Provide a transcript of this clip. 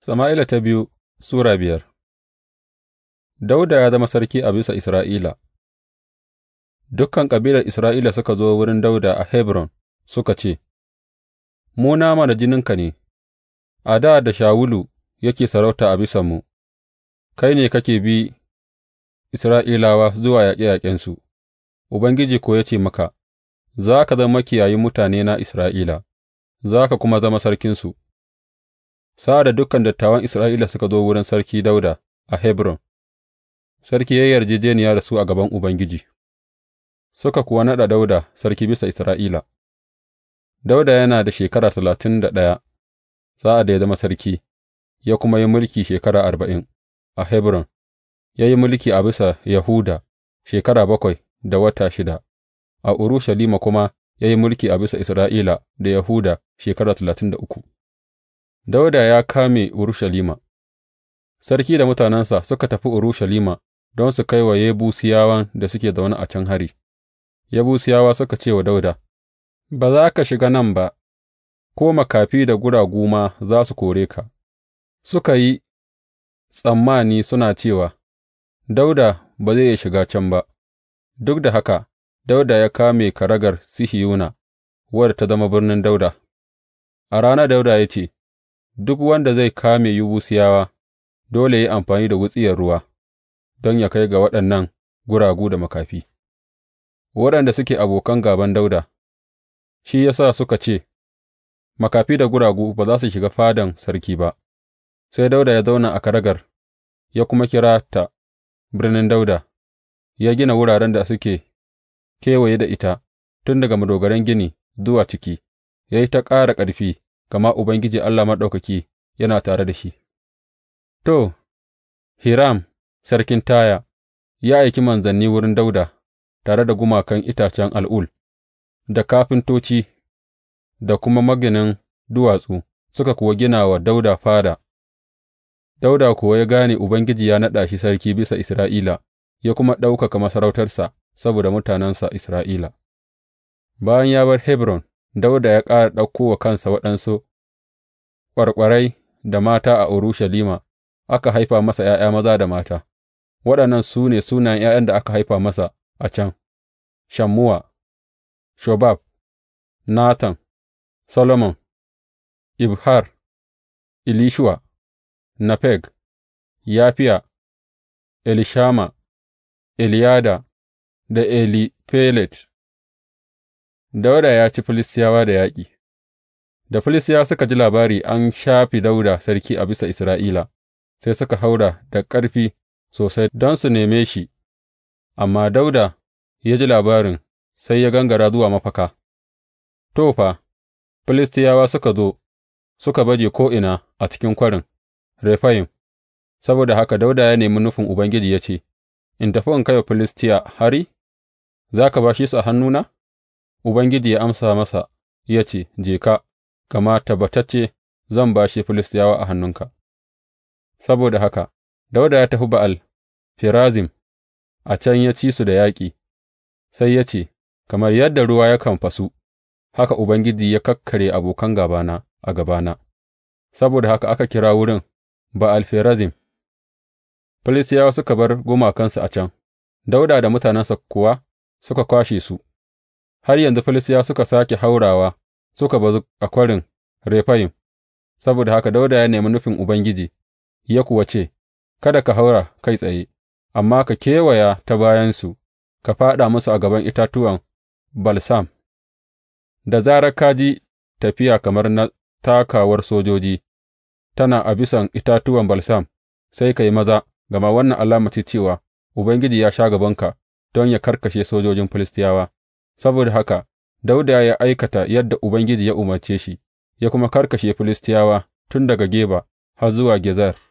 Sama'ila ta biyu Sura biyar Dauda ya zama sarki a bisa Isra'ila Dukan kabilar Isra'ila suka zo wurin Dauda a Hebron suka ce, Mu nama da jininka ne, a da da Shawulu yake sarauta a mu. kai ne kake bi Isra'ilawa zuwa yaƙe-yaƙensu, Ubangiji ko ya ce maka, Za ka zama makiyayin mutanena Isra'ila, za ka kuma zama sarkinsu. Sa'ad da dukan dattawan Isra'ila suka zo wurin Sarki Dawuda a Hebron, sarki ya yi yarjejeniya da su a gaban Ubangiji, suka kuwa naɗa Dawuda sarki bisa Isra'ila. Dawuda yana da shekara talatin da ɗaya sa'ad da ya zama sarki, ya kuma yi mulki shekara arba'in a Hebron, ya yi mulki a bisa Yahuda shekara bakwai da wata shida, a Urushalima kuma ya yi mulki a bisa Isra'ila da Yahuda shekara talatin da uku. Dawuda ya kame Urushalima Sarki da mutanensa suka tafi Urushalima don su kai wa Yebusiyawan da suke zaune a can hari, Yebusiyawa suka ce wa Dawuda, Ba za ka shiga nan ba, ko makafi da guragu ma za su kore ka, suka yi tsammani suna cewa, Dauda ba zai iya shiga can ba, duk da haka Dauda ya kame karagar sihiyuna, wadda ta zama birnin Dauda. A rana Dauda ya ce, Duk wanda zai kame Yebusiyawa dole yă yi amfani da wutsiyar ruwa don ya kai ga waɗannan guragu da makafi, waɗanda suke abokan gaban Dauda, shi ya sa suka ce, Makafi da guragu ba za su shiga fadan sarki ba, sai Dauda ya zauna a karagar, ya kuma kira ta Birnin Dauda, ya gina wuraren da suke kewaye da ita, tun daga madogaran gini zuwa ciki, ya yi ta ƙara ƙarfi. gama Ubangiji Allah Maɗaukaki yana tare da shi. To, Hiram sarkin Taya ya aiki manzanni wurin Dauda tare da gumakan itacen al'ul, da kafintoci, da kuma maganin duwatsu, suka kuwa gina wa Dauda fada, Dauda kuwa ya gane Ubangiji ya naɗa shi sarki bisa Isra'ila, ya kuma ɗaukaka masarautarsa saboda mutanensa Isra'ila. Bayan ya bar Hebron, Dawuda ya ƙara ɗauko wa kansa waɗansu ƙwarƙwarai da mata a Urushalima, aka haifa masa ’ya'ya maza da mata, waɗannan su ne sunayen ’ya'yan da aka haifa masa a can, Shammuwa, Shobab, Natan, Solomon, Ibhar, Ilishuwa, Nafeg, Yafiya, Elishama, Eliyada da Elifelet. Dauda ya ci Filistiyawa da yaƙi Da Filistiyawa suka ji labari an shafi Dauda sarki a bisa Isra'ila, sai suka haura da ƙarfi sosai don su neme shi, amma Dauda ya ji labarin sai ya gangara zuwa mafaka. tofa Filistiyawa suka zo suka baje ko'ina a cikin kwarin Refayim, saboda haka Dauda ya nemi nufin Ubangiji ya ce, In tafi in kai wa Filistiya hari, za ka bashe su a hannuna? Ubangiji ya amsa masa ya ce, Je ka, gama tabbatacce zan bashe Filistiyawa a hannunka. Saboda haka, Dauda ya tafi Ba'al firazim a can ya ci su da yaƙi, sai ya ce, Kamar yadda ruwa yakan fasu, haka Ubangiji ya kakkare abokan gabana a gabana, saboda haka aka kira wurin Ba'al firazim. Filistiyawa suka bar gumakansu a can, Dauda da mutanensa kuwa suka kwashe su. har yanzu Filistiyawa suka sake haurawa suka bazu a Kwarin Refayim, saboda haka Dawuda ya nemi nufin Ubangiji, ya kuwa ce, Kada ka haura kai tsaye, amma ka kewaya ta bayansu, ka fāɗa musu a gaban itatuwan balsam, da zarar ka ji tafiya kamar na takawar sojoji tana a bisan itatuwan balsam, sai ka yi maza, gama wannan alamaci cewa Ubangiji ya sha gabanka don ya karkashe sojojin Filistiyawa. Saboda haka Dawuda ya aikata yadda Ubangiji ya umarce shi, ya kuma karkashe Filistiyawa tun daga Geba har zuwa Gezer.